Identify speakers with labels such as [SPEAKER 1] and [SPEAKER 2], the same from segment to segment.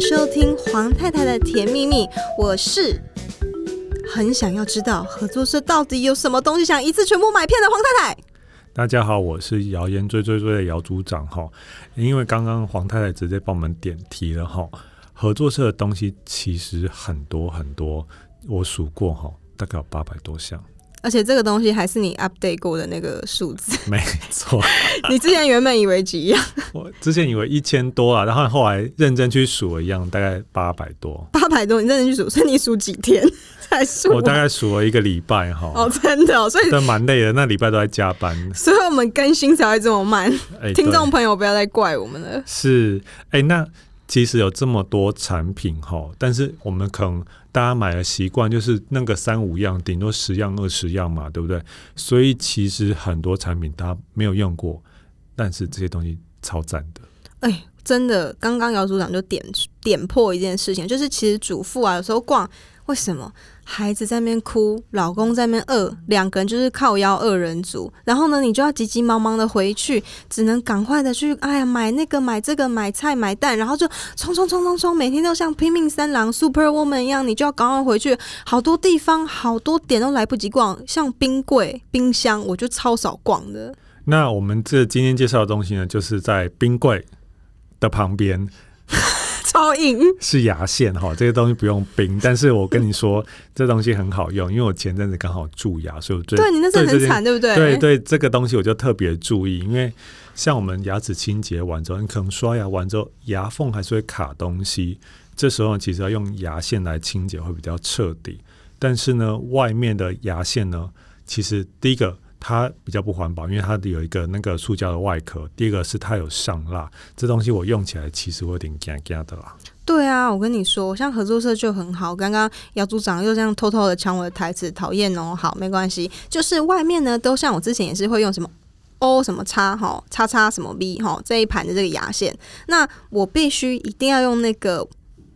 [SPEAKER 1] 收聽黃太太的甜蜜蜜，我是很想要知道合作社到底有什麼東西，想一次全部買遍的黃太太。
[SPEAKER 2] 大家好，我是謠言追追追的姚組長哈。因為剛剛黃太太直接幫我們點題了哈，合作社的東西其實很多很多，我數過哈，大概有八百多項。
[SPEAKER 1] 而且這個東西還是你 update 過的那個數字，沒錯錯。 你之前原本以為幾樣？
[SPEAKER 2] 我之前以為一千多啊，然後後來認真去數一樣，大概八百多。
[SPEAKER 1] 八百多，你認真去數，算你數幾天才數？我大
[SPEAKER 2] 概數了一個禮拜哈。哦，
[SPEAKER 1] 真的，哦，所以真
[SPEAKER 2] 的蠻累的，那禮拜都在加班，
[SPEAKER 1] 所以我們更新才會這麼慢。欸、聽眾朋友，不要再怪我們了。
[SPEAKER 2] 是，哎、欸、那。其實有這麼多產品哈，但是我們可能大家買的習慣就是那個三五樣，頂多十樣、二十樣嘛，對不對？所以其實很多產品他沒有用過，但是這些東西超讚的。
[SPEAKER 1] 哎、欸，真的，剛剛姚組長就點點破一件事情，就是其實主婦啊，有時候逛。為什麼孩子在那邊哭，老公在那邊餓，兩個人就是靠腰二人組。然後呢，你就要急急忙忙的回去，只能趕快的去，哎呀，買那個，買這個，買菜，買蛋，然後就衝衝衝衝衝，每天都像拼命三郎、Super Woman 一樣，你就要趕快回去，好多地方，好多點都來不及逛，像冰櫃、冰箱，我就超少逛的。
[SPEAKER 2] 那我們這今天介紹的東西呢，就是在冰櫃的旁邊。
[SPEAKER 1] 超硬
[SPEAKER 2] 是牙線哈，這個東西不用冰，但是我跟你說， 這東西很好用，因為我前陣子剛好蛀牙，所以我對你那時候很慘，對不對？對，對，這個東西我就特別注意，因為像我們牙齒清潔完之後，你可能刷牙完之後，牙縫還是會卡東西，這時候其實要用牙線來清潔會比較徹底。但是呢，外面的牙線呢，其實第一個。它比較不環保，因為它有一個那個塑膠的外殼。第一個是它有上蠟，這東西我用起來其實會有點乾乾的啦。
[SPEAKER 1] 對啊，我跟你說，像合作社就很好。剛剛姚組長又這樣偷偷的搶我的台詞，討厭哦。好，沒關係，就是外面呢都像我之前也是會用什麼 O 什麼叉齁，叉叉什麼 V 齁，這一盤的這個牙線，那我必須一定要用那個。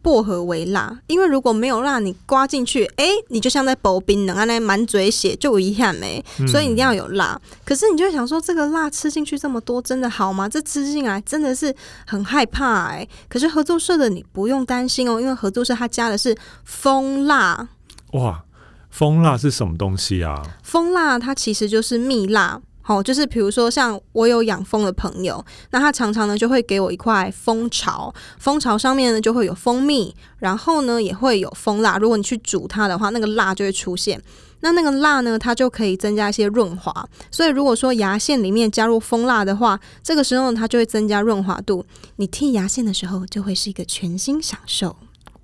[SPEAKER 1] 薄荷為蠟，因為如果沒有蠟，你刮進去，哎、欸，你就像在薄冰啊，那滿嘴血，就遺憾沒，所以一定要有蠟。嗯、可是你就想說，這個蠟吃進去這麼多，真的好嗎？這吃進來真的是很害怕哎、欸。可是合作社的你不用擔心哦、喔，因為合作社他加的是蜂蠟。哇，
[SPEAKER 2] 蜂蠟是什麼東西啊？
[SPEAKER 1] 蜂蠟它其實就是蜜蠟。好、哦，就是比如說像我有養蜂的朋友，那他常常呢就會給我一塊蜂巢，蜂巢上面呢就會有蜂蜜，然後呢也會有蜂蠟。如果你去煮它的話，那個蠟就會出現。那那個蠟呢，它就可以增加一些潤滑。所以如果說牙線裡面加入蜂蠟的話，這個時候呢它就會增加潤滑度，你剔牙線的時候就會是一個全新享受。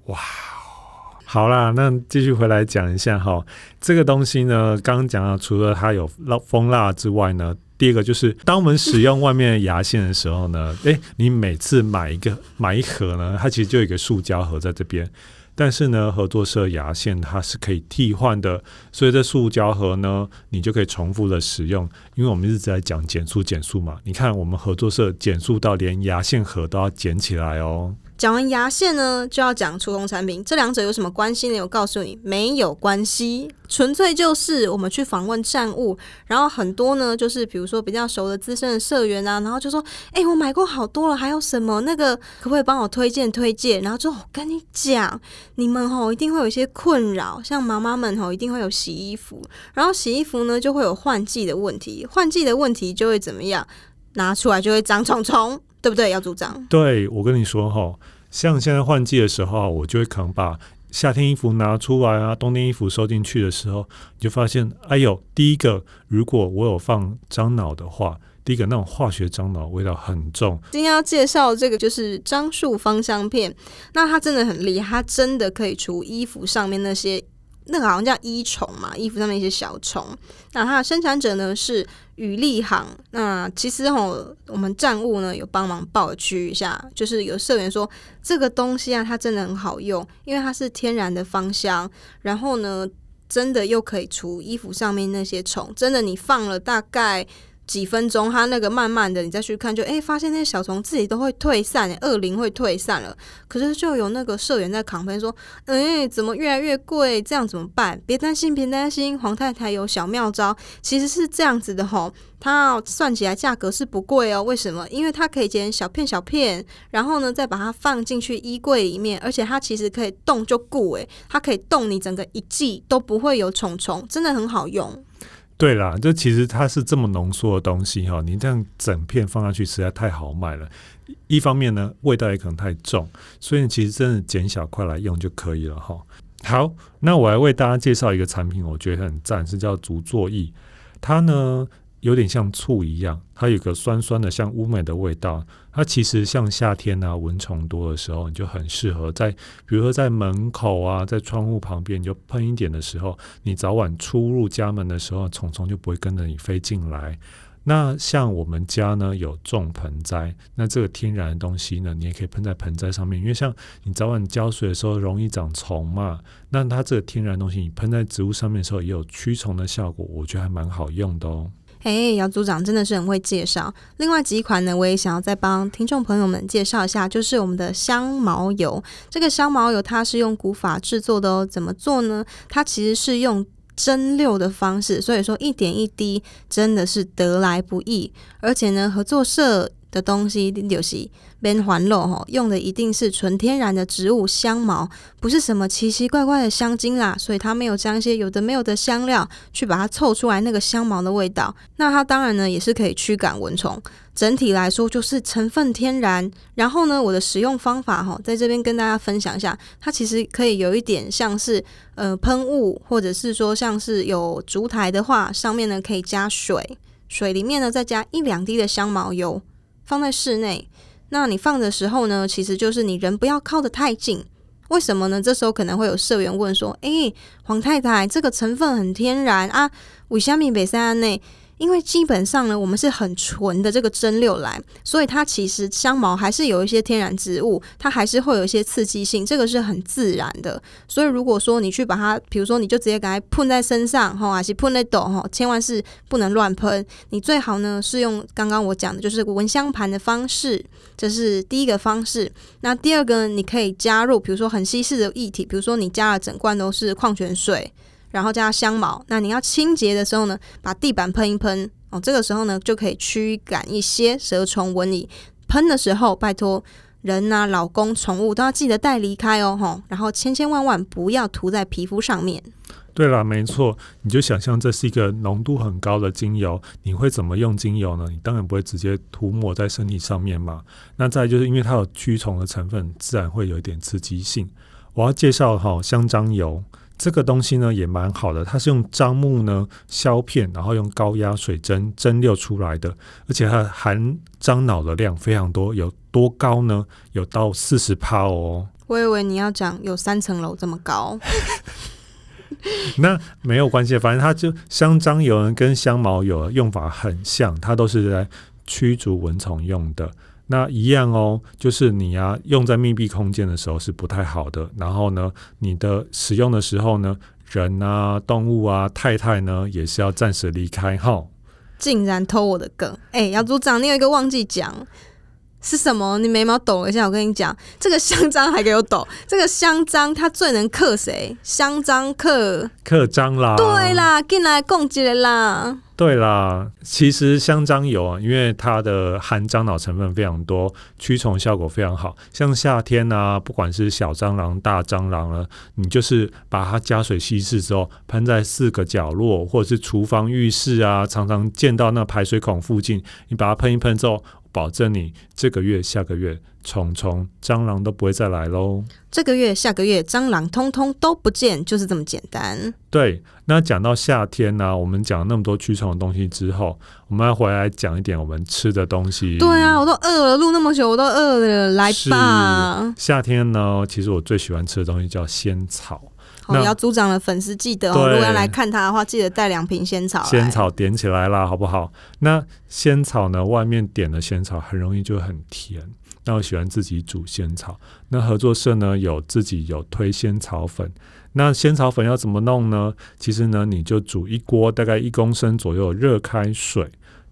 [SPEAKER 1] 哇！
[SPEAKER 2] 好啦，那繼續回來講一下哈，這個東西呢，剛剛講到除了它有蠟蜂蠟之外呢，第一個就是當我們使用外面的牙線的時候呢，誒、欸，你每次買一個買一盒呢，它其實就有一個塑膠盒在這邊，但是呢，合作社牙線它是可以替換的，所以這塑膠盒呢，你就可以重複的使用，因為我們一直在講減塑減塑嘛，你看我們合作社減塑到連牙線盒都要撿起來哦。
[SPEAKER 1] 講完牙線呢，就要講除蟲產品，這兩者有什麼關係呢？我告訴你，沒有關係，純粹就是我們去訪問站務，然後很多呢，就是比如說比較熟的資深的社員啊，然後就說，哎、欸，我買過好多了，還有什麼那個，可不可以幫我推薦推薦？然後就跟你講，你們吼、哦、一定會有一些困擾，像媽媽們吼、哦、一定會有洗衣服，然後洗衣服呢就會有換季的問題，換季的問題就會怎麼樣，拿出來就會長蟲蟲。對不對？要主張。
[SPEAKER 2] 對，我跟你說哈、哦，像現在換季的時候、啊，我就會可能把夏天衣服拿出來啊，冬天衣服收進去的時候，你就發現，哎呦，第一個，如果我有放樟腦的話，第一個那種化學樟腦味道很重。
[SPEAKER 1] 今天要介紹這個就是樟樹芳香片，那它真的很厲害，它真的可以除衣服上面那些。那個好像叫衣蟲嘛，衣服上面一些小蟲。那它的生產者呢是羽利行。那其實吼，我們站務呢有幫忙報劇一下，就是有社員說這個東西啊，它真的很好用，因為它是天然的芳香。然後呢，真的又可以除衣服上面那些蟲，真的你放了大概，幾分鐘，它那個慢慢的，你再去看就，就、欸、哎，發現那些小蟲自己都會退散、欸，惡靈會退散了。可是就有那個社員在扛分說，哎、欸，怎麼越來越貴？這樣怎麼辦？別擔心，別擔心，黃太太有小妙招。其實是這樣子的吼，它、喔、算起來價格是不貴哦、喔。為什麼？因為它可以剪小片小片，然後呢，再把它放進去衣櫃裡面，而且它其實可以動，就固，誒，它可以動，你整個一季都不會有蟲蟲，真的很好用。
[SPEAKER 2] 對啦，就其實它是這麼濃縮的東西哈，你這樣整片放下去實在太豪邁了。一方面呢，味道也可能太重，所以你其實真的剪小塊來用就可以了哈。好，那我來為大家介紹一個產品，我覺得很讚，是叫足作意，它呢。有點像醋一樣，它有個酸酸的、像烏梅的味道。它其實像夏天啊，蚊蟲多的時候，你就很適合在，比如說在門口啊，在窗戶旁邊，你就噴一點的時候，你早晚出入家門的時候，蟲蟲就不會跟着你飛進來。那像我們家呢，有種盆栽，那這個天然的東西呢，你也可以噴在盆栽上面，因為像你早晚澆水的時候容易長蟲嘛，那它這個天然的東西你噴在植物上面的時候，也有驅蟲的效果，我覺得還蠻好用的哦。
[SPEAKER 1] 嘿，hey，姚組長真的是很會介紹。另外幾款呢，我也想要再幫聽眾朋友們介紹一下，就是我們的香茅油。這個香茅油它是用古法製作的哦，怎麼做呢？它其實是用蒸餾的方式，所以說一點一滴真的是得來不易。而且呢，合作社的東西就是邊環肉吼，用的一定是純天然的植物香茅，不是什麼奇奇怪怪的香精啦，所以它沒有加一些有的沒有的香料去把它湊出來那個香茅的味道。那它當然呢也是可以驅趕蚊蟲，整體來說就是成分天然。然後呢，我的使用方法吼，在這邊跟大家分享一下，它其實可以有一點像是呃噴霧，或者是說像是有燭台的話，上面呢可以加水，水裡面呢再加一兩滴的香茅油。放在室內，那你放的時候呢，其實就是你人不要靠得太近。為什麼呢？這時候可能會有社員問說：“哎、欸，黃太太，這個成分很天然啊，為蝦米北三安內。”因為基本上呢，我們是很純的這個蒸餾來，所以它其實香茅還是有一些天然植物，它還是會有一些刺激性，這個是很自然的。所以如果說你去把它，比如說你就直接給它噴在身上，哈，或是噴在頭，哈，千萬是不能亂噴。你最好呢是用剛剛我講的，就是蚊香盤的方式，這是第一個方式。那第二個呢，你可以加入，比如說很稀釋的液體，比如說你加了整罐都是礦泉水。然後加香茅，那你要清潔的時候呢，把地板噴一噴哦。這個時候呢，就可以驅趕一些蛇蟲蚊蟻。噴的時候，拜托人吶、啊、老公、寵物都要記得帶離開哦。然後千千萬萬不要塗在皮膚上面。
[SPEAKER 2] 對啦，沒錯，你就想象這是一個濃度很高的精油，你會怎麼用精油呢？你當然不會直接塗抹在身體上面嘛。那再就是因為它有驅蟲的成分，自然會有一點刺激性。我要介紹好香樟油。這個東西呢，也蠻好的，它是用樟木呢削片，然後用高壓水蒸蒸餾出來的，而且它含樟腦的量非常多，有多高呢？有到四十趴哦。
[SPEAKER 1] 我以為你要講有三層樓這麼高。
[SPEAKER 2] 那沒有關係，反正它就香樟油跟香茅油用法很像，它都是來驅逐蚊蟲用的。那一樣哦，就是你啊，用在密閉空間的時候是不太好的。然後呢，你的使用的時候呢，人啊、動物啊、太太呢，也是要暫時離開。好，
[SPEAKER 1] 竟然偷我的梗！哎、欸，姚組長，你有一個忘記講是什麼？你眉毛抖一下，我跟你講，這個香樟還給我抖。 這個香樟它最能克誰？香樟克
[SPEAKER 2] 克蟑螂。啦對
[SPEAKER 1] 啦，進來講這個啦。
[SPEAKER 2] 對啦，其實香樟油啊，因為它的含樟腦成分非常多，驅蟲效果非常好。像夏天啊，不管是小蟑螂、大蟑螂了啊，你就是把它加水稀釋之後，噴在四個角落，或者是廚房、浴室啊，常常見到那排水孔附近，你把它噴一噴之後。保證你這個月，下個月，蟲蟲、蟑螂，都不會再來嘍。
[SPEAKER 1] 這個月，下個月，蟑螂通通都不見，就是這麼簡單。
[SPEAKER 2] 對，那講到夏天呢、啊，我們講了那麼多驅蟲的東西之後，我們要回來講一點我們吃的東西。對
[SPEAKER 1] 啊，我都餓了，錄那麼久我都餓了，來吧。
[SPEAKER 2] 夏天呢，其實我最喜歡吃的東西叫仙草。那哦，你
[SPEAKER 1] 要組長的粉絲記得，哦，對如果要來看他的話，記得帶兩瓶仙草。仙
[SPEAKER 2] 草點起來啦，好不好？那仙草呢？外面點的仙草很容易就很甜。那我喜歡自己煮仙草。那合作社呢？有自己有推仙草粉。那仙草粉要怎麼弄呢？其實呢，你就煮一鍋大概一公升左右熱開水，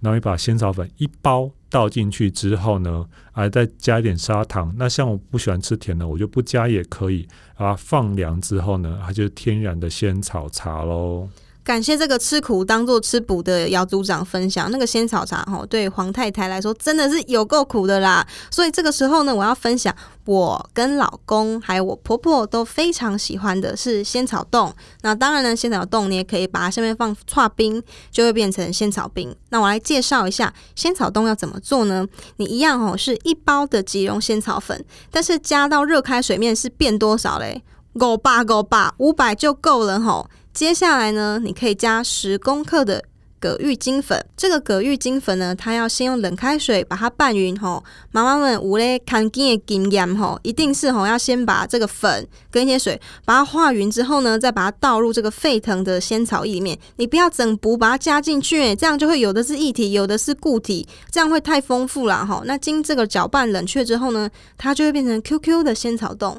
[SPEAKER 2] 然後你把仙草粉一包。倒進去之後呢，啊，再加一點砂糖。那像我不喜歡吃甜的，我就不加也可以。啊，放涼之後呢，它，啊，就是天然的仙草茶嘍。
[SPEAKER 1] 感謝這個吃苦當做吃補的姚組長分享那個仙草茶吼，對黃太太來說真的是有夠苦的啦。所以這個時候呢，我要分享我跟老公還有我婆婆都非常喜歡的是仙草凍。那當然呢，仙草凍你也可以把它上面放剉冰，就會變成仙草冰。那我來介紹一下仙草凍要怎麼做呢？你一樣吼，是一包的即溶仙草粉，但是加到熱開水面是變多少嘞？夠吧，夠吧，五百就夠了吼。接下來呢，你可以加十公克的葛鬱金粉。這個葛鬱金粉呢，它要先用冷開水把它拌勻吼。媽媽們，我嘞看經驗哈，一定是吼要先把這個粉跟一些水把它化勻之後呢，再把它倒入這個沸騰的仙草液裡面。你不要整不把它加進去，這樣就會有的是液體，有的是固體，這樣會太豐富了哈。那經這個攪拌冷卻之後呢，它就會變成 QQ 的仙草凍。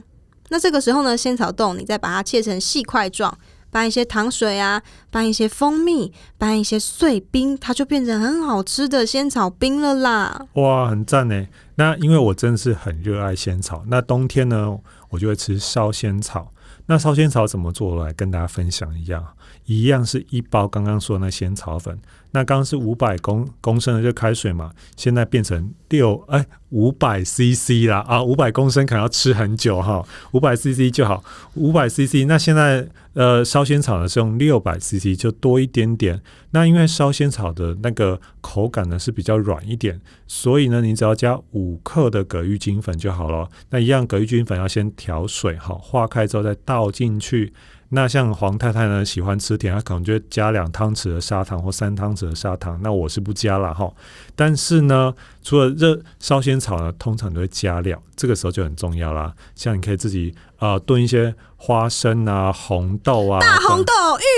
[SPEAKER 1] 那這個時候呢，仙草凍你再把它切成細塊狀。拌一些糖水啊，拌一些蜂蜜，拌一些碎冰，它就變成很好吃的仙草冰了啦！
[SPEAKER 2] 哇，很讚誒。那因為我真的是很熱愛仙草，那冬天呢，我就會吃燒仙草。那燒仙草怎麼做我來跟大家分享一樣，一樣是一包剛剛說那仙草粉。那剛是五百公公升的就開水嘛，現在變成六哎五百 CC 啦啊五百公升可能要吃很久哈，五百 CC 就好，五百 CC。那現在呃燒仙草呢是用六百 CC 就多一點點。那因為燒仙草的那個口感呢是比較軟一點，所以呢你只要加五克的葛鬱金粉就好了。那一樣葛鬱金粉要先調水哈，化開之後再。倒進去，那像黃太太呢，喜歡吃甜，她可能就會加兩湯匙的砂糖或三湯匙的砂糖。那我是不加了哈。但是呢，除了熱燒仙草呢，通常都會加料，這個時候就很重要啦。像你可以自己啊燉一些花生啊、紅豆啊、大紅豆、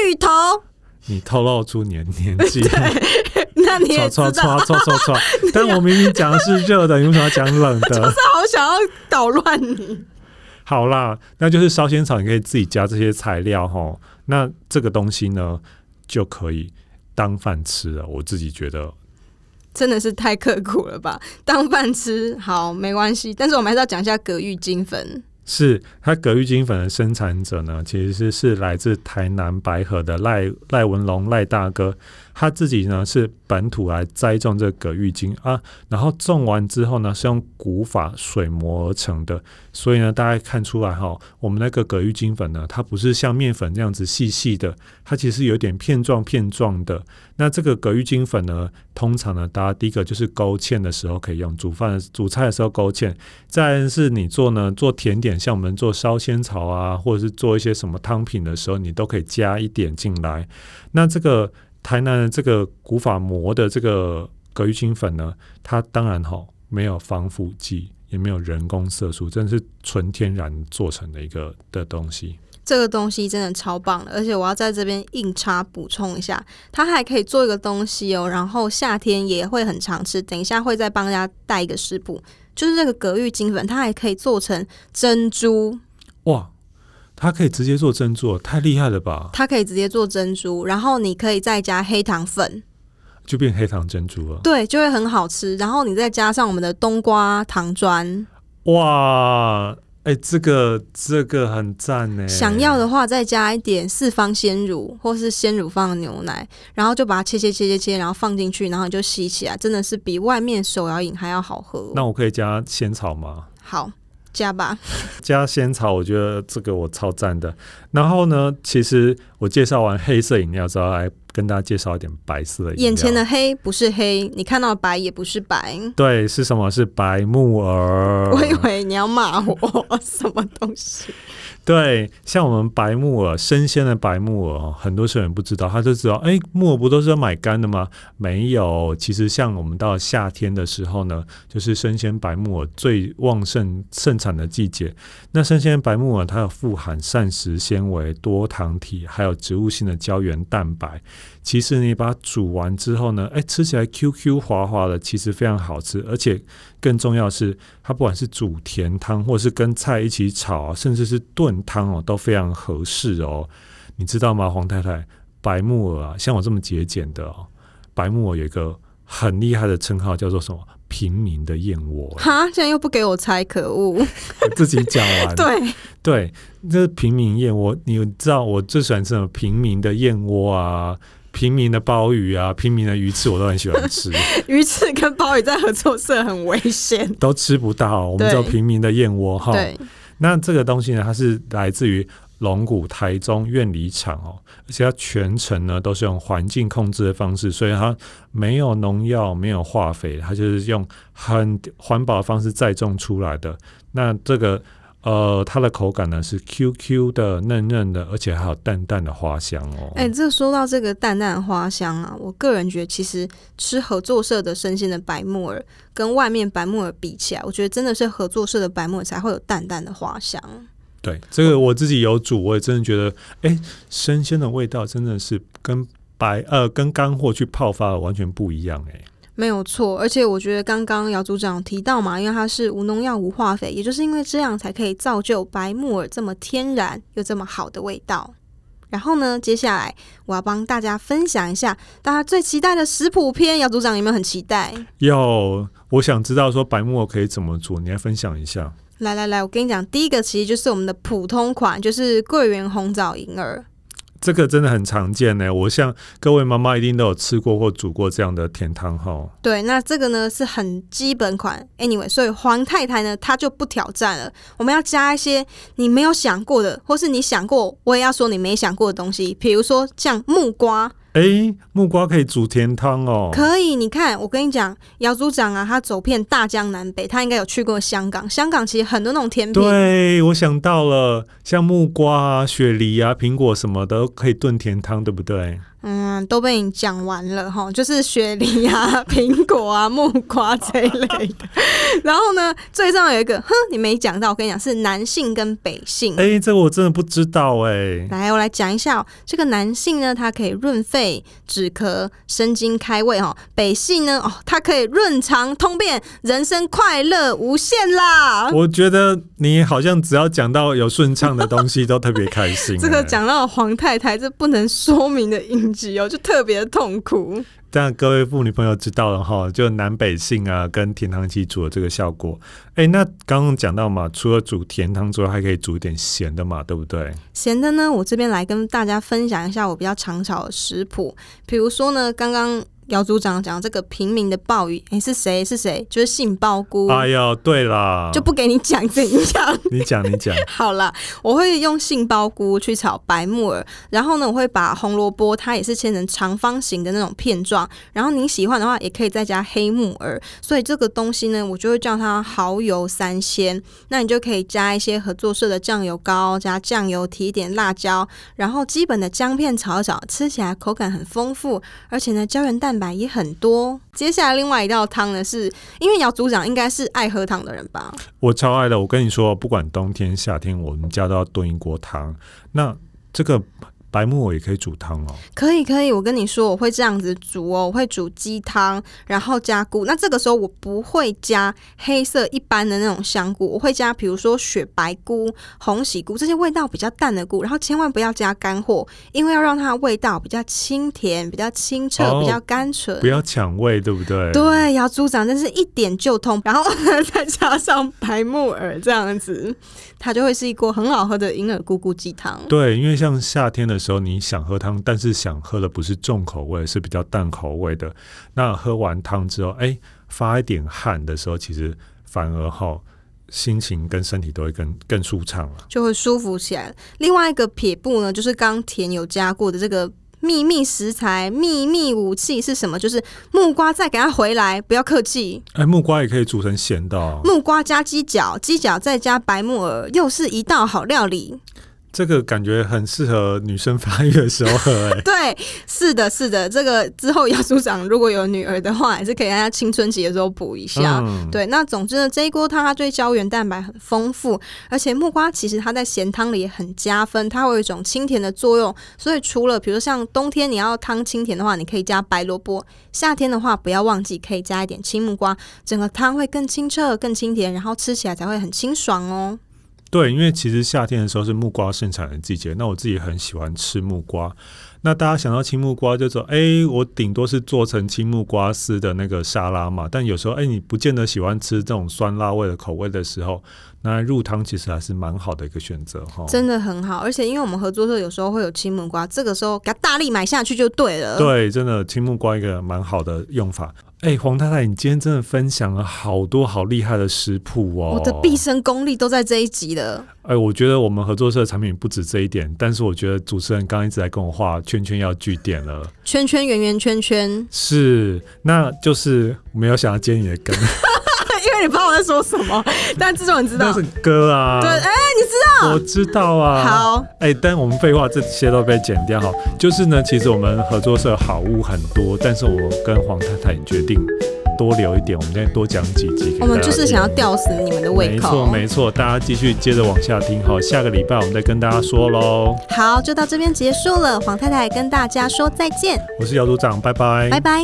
[SPEAKER 1] 芋頭。
[SPEAKER 2] 你透露出你的年紀，
[SPEAKER 1] 那你也知道。
[SPEAKER 2] 但我明明講的是熱的，你為什麼要講冷的？就
[SPEAKER 1] 是好想要搗亂你。
[SPEAKER 2] 好啦，那就是燒仙草，你可以自己加這些材料哈。那這個東西呢，就可以當飯吃了。我自己覺得，
[SPEAKER 1] 真的是太刻苦了吧？當飯吃好沒關係，但是我們還是要講一下葛鬱金粉。
[SPEAKER 2] 是它葛鬱金粉的生產者呢，其實是來自台南白河的賴賴文龍賴大哥，他自己呢是。本土來栽種這個葛鬱金啊，然後種完之後呢，是用古法水磨而成的，所以呢，大家看出來哈，我們那個葛鬱金粉呢，它不是像面粉這樣子細細的，它其實有點片狀片狀的。那這個葛鬱金粉呢，通常呢，大家第一個就是勾芡的時候可以用，煮飯煮菜的時候勾芡；再來是你做呢做甜點，像我們做燒仙草啊，或者是做一些什麼湯品的時候，你都可以加一點進來。那這個。台南的這個古法磨的這個葛鬱金粉呢，它當然吼沒有防腐劑，也沒有人工色素，真的是純天然做成的一個的東西。
[SPEAKER 1] 這個東西真的超棒的，而且我要在這邊硬插補充一下，它還可以做一個東西哦。然後夏天也會很常吃，等一下會再幫大家帶一個食譜，就是這個葛鬱金粉，它還可以做成珍珠
[SPEAKER 2] 哇。它可以直接做珍珠，太厲害了吧！
[SPEAKER 1] 它可以直接做珍珠，然後你可以再加黑糖粉，
[SPEAKER 2] 就變黑糖珍珠了。
[SPEAKER 1] 對，就會很好吃。然後你再加上我們的冬瓜糖磚，
[SPEAKER 2] 哇，哎、欸，這個這個很讚呢、欸。想
[SPEAKER 1] 要的話，再加一點四方鮮乳或是鮮乳坊的牛奶，然後就把它切切切切切，然後放進去，然後你就吸起來，真的是比外面手搖飲還要好喝。那
[SPEAKER 2] 我可以加仙草嗎？
[SPEAKER 1] 好。加吧，
[SPEAKER 2] 加仙草，我覺得這個我超贊的。然後呢，其實我介紹完黑色飲料之後，來。跟大家介紹一點白色的，眼前的
[SPEAKER 1] 黑不是黑，你看到的白也不是白。
[SPEAKER 2] 對，是什麼？是白木耳。我以
[SPEAKER 1] 為你要罵我， 什麼東西？
[SPEAKER 2] 對，像我們白木耳，生鮮的白木耳，很多客人不知道，他就知道，哎，木耳不都是要買乾的嗎？沒有，其實像我們到夏天的時候呢，就是生鮮白木耳最旺盛盛產的季節。那生鮮白木耳，它有富含膳食纖維、多糖體，還有植物性的膠原蛋白。其實你把它煮完之後呢，哎，吃起來 QQ 滑滑的，其實非常好吃。而且更重要的是，它不管是煮甜湯，或者是跟菜一起炒，甚至是燉湯哦，都非常合適哦。你知道嗎，黃太太，白木耳啊，像我這麼節儉的哦，白木耳有一個很厲害的稱號，叫做什麼？平民的燕窩，
[SPEAKER 1] 哈！現在又不給我猜。可惡！
[SPEAKER 2] 自己講完，對對，這是平民燕窩，你知道我最喜歡吃什麼？平民的燕窩啊，平民的鮑魚啊，平民的魚翅，我都很喜歡吃。
[SPEAKER 1] 魚翅跟鮑魚在合作社很危險，
[SPEAKER 2] 都吃不到。我們叫平民的燕窩哈。對，那這個東西呢，它是來自於。龍谷台中苑裡場哦，而且它全程呢都是用環境控制的方式，所以它沒有農藥、沒有化肥，它就是用很環保的方式栽種出來的。那這個呃，它的口感呢是 Q Q 的嫩嫩的，而且還有淡淡的花香哦。
[SPEAKER 1] 哎、欸，這說到這個淡淡的花香啊，我個人覺得其實吃合作社的生鮮的白木耳跟外面白木耳比起來，我覺得真的是合作社的白木耳才會有淡淡的花香。
[SPEAKER 2] 對，這個我自己有煮。哦、我也真的覺得，哎、欸，生鮮的味道真的是跟白呃跟乾貨去泡發完全不一樣哎、欸，
[SPEAKER 1] 沒有錯。而且我覺得剛剛姚組長提到嘛，因為它是無農藥、無化肥，也就是因為這樣才可以造就白木耳這麼天然又這麼好的味道。然後呢，接下來我要幫大家分享一下大家最期待的食譜篇，姚組長有沒有很期待？
[SPEAKER 2] 喲，我想知道說白木耳可以怎麼煮，你來分享一下。
[SPEAKER 1] 來來來，我跟你講，第一個其實就是我們的普通款，就是桂圓紅棗銀耳，
[SPEAKER 2] 這個真的很常見呢、欸。我像各位媽媽一定都有吃過或煮過這樣的甜湯哈、哦。
[SPEAKER 1] 對，那這個呢是很基本款。Anyway，所以黃太太呢她就不挑戰了。我們要加一些你沒有想過的，或是你想過我也要說你沒想過的東西，比如說像木瓜。
[SPEAKER 2] 哎，木瓜可以煮甜湯哦。可
[SPEAKER 1] 以，你看，我跟你講，姚組長啊，他走遍大江南北，他應該有去過香港。香港其實很多那種甜品。對，
[SPEAKER 2] 我想到了，像木瓜啊、雪梨啊、蘋果什麼的，可以燉甜湯，對不對？
[SPEAKER 1] 嗯，都被你講完了哈，就是雪梨啊、蘋果啊、木瓜這一類的。 然後呢，最重要有一個，哼，你沒講到。我跟你講，是南杏跟北杏。哎、欸，
[SPEAKER 2] 這個我真的不知道哎、欸。
[SPEAKER 1] 來，我來講一下這個南杏呢，它可以潤肺、止咳、生津、開胃哦，北杏呢，哦，它可以潤腸通便，人生快樂無限啦。
[SPEAKER 2] 我覺得你好像只要講到有順暢的東西， 都特別開心、欸。這個講
[SPEAKER 1] 到黃太太，這不能說明的因。就特別痛苦，
[SPEAKER 2] 但各位婦女朋友知道了哈，就南北杏啊，跟甜湯一起煮的這個效果。哎、欸，那剛剛講到嘛，除了煮甜湯之外，還可以煮一點鹹的嘛，對不對？
[SPEAKER 1] 鹹的呢，我這邊來跟大家分享一下我比較常炒的食譜，比如說呢，剛剛。姚組長講這個平民的鮑魚，哎，是誰？是誰？就是杏鮑菇。哎
[SPEAKER 2] 呦，對啦，就
[SPEAKER 1] 不給你講，樣 你講，
[SPEAKER 2] 你講，你講。
[SPEAKER 1] 好啦，我會用杏鮑菇去炒白木耳，然後呢，我會把紅蘿蔔它也是切成長方形的那種片狀，然後你喜歡的話，也可以再加黑木耳。所以這個東西呢，我就會叫它蠔油三鮮。那你就可以加一些合作社的醬油膏，加醬油，提一點辣椒，然後基本的薑片炒一炒，吃起來口感很豐富，而且呢，膠原蛋白。買也很多。接下來另外一道湯呢，是，是因為姚組長應該是愛喝湯的人吧？
[SPEAKER 2] 我超愛的。我跟你說，不管冬天夏天，我們家都要燉一鍋湯。那這個。白木耳也可以煮湯哦，
[SPEAKER 1] 可以可以，我跟你說，我會這樣子煮哦，我會煮雞湯，然後加菇。那這個時候我不會加黑色一般的那種香菇，我會加比如說雪白菇、紅喜菇這些味道比較淡的菇，然後千萬不要加乾貨，因為要讓它的味道比較清甜、比較清澈、哦、比較甘醇。不
[SPEAKER 2] 要搶味，對不對？
[SPEAKER 1] 對，姚組長，但是一點就通，然後我們再加上白木耳這樣子。它就會是一鍋很好喝的銀耳菇菇雞湯。對，
[SPEAKER 2] 因為像夏天的時候，你想喝湯，但是想喝的不是重口味，是比較淡口味的。那喝完湯之後，哎，發一點汗的時候，其實反而好，心情跟身體都會更更舒暢
[SPEAKER 1] 了，就會舒服起來。另外一個撇步呢，就是剛甜有加過的這個。秘密食材、秘密武器是什麼？就是木瓜，再給它回來，不要客氣。
[SPEAKER 2] 欸，木瓜也可以煮成鹹的哦，
[SPEAKER 1] 木瓜加雞腳，雞腳再加白木耳，又是一道好料理。
[SPEAKER 2] 這個感覺很適合女生發育的時候喝，欸。
[SPEAKER 1] 對，是的，是的，這個之後姚組長如果有女兒的話，也是可以讓她青春期的時候補一下。嗯、對，那總之呢，這一鍋湯它對膠原蛋白很豐富，而且木瓜其實它在鹹湯裡也很加分，它會有一種清甜的作用。所以除了比如說像冬天你要湯清甜的話，你可以加白蘿蔔；夏天的話，不要忘記可以加一點青木瓜，整個湯會更清澈，更清甜，然後吃起來才會很清爽哦。
[SPEAKER 2] 對，因為其實夏天的時候是木瓜盛產的季節，那我自己很喜歡吃木瓜。那大家想到青木瓜，就說：哎，我頂多是做成青木瓜絲的那個沙拉嘛。但有時候，哎，你不見得喜歡吃這種酸辣味的口味的時候，那入湯其實還是蠻好的一個選擇哈。哦，真
[SPEAKER 1] 的很好，而且因為我們合作社有時候會有青木瓜，這個時候給它大力買下去就對了。對，
[SPEAKER 2] 真的青木瓜一個蠻好的用法。哎、欸，黃太太，你今天真的分享了好多好厲害的食譜哦！我的畢
[SPEAKER 1] 生功力都在這一集了。
[SPEAKER 2] 哎、欸，我覺得我們合作社的產品不止這一點，但是我覺得主持人剛剛一直在跟我畫圈圈，圈，圈，圈圈，要句點了。
[SPEAKER 1] 圈圈圓圓圈圈
[SPEAKER 2] 是，那就是我沒有想要接你的根。
[SPEAKER 1] 因為你不知道我在說什麼，但至少你知道這是
[SPEAKER 2] 歌啊。對，
[SPEAKER 1] 哎、欸，你知道？我
[SPEAKER 2] 知道啊。好，哎、欸，但我們廢話這些都被剪掉哈。就是呢，其實我們合作社好物很多，但是我跟黃太太決定多留一點，我們再多講幾集。我們就是想要
[SPEAKER 1] 吊死你們的胃口。沒錯，
[SPEAKER 2] 沒錯，大家繼續接着往下聽。好，下個禮拜我們再跟大家說嘍。
[SPEAKER 1] 好，就到這邊結束了。黃太太跟大家說再見。
[SPEAKER 2] 我是姚組長，拜拜，拜
[SPEAKER 1] 拜。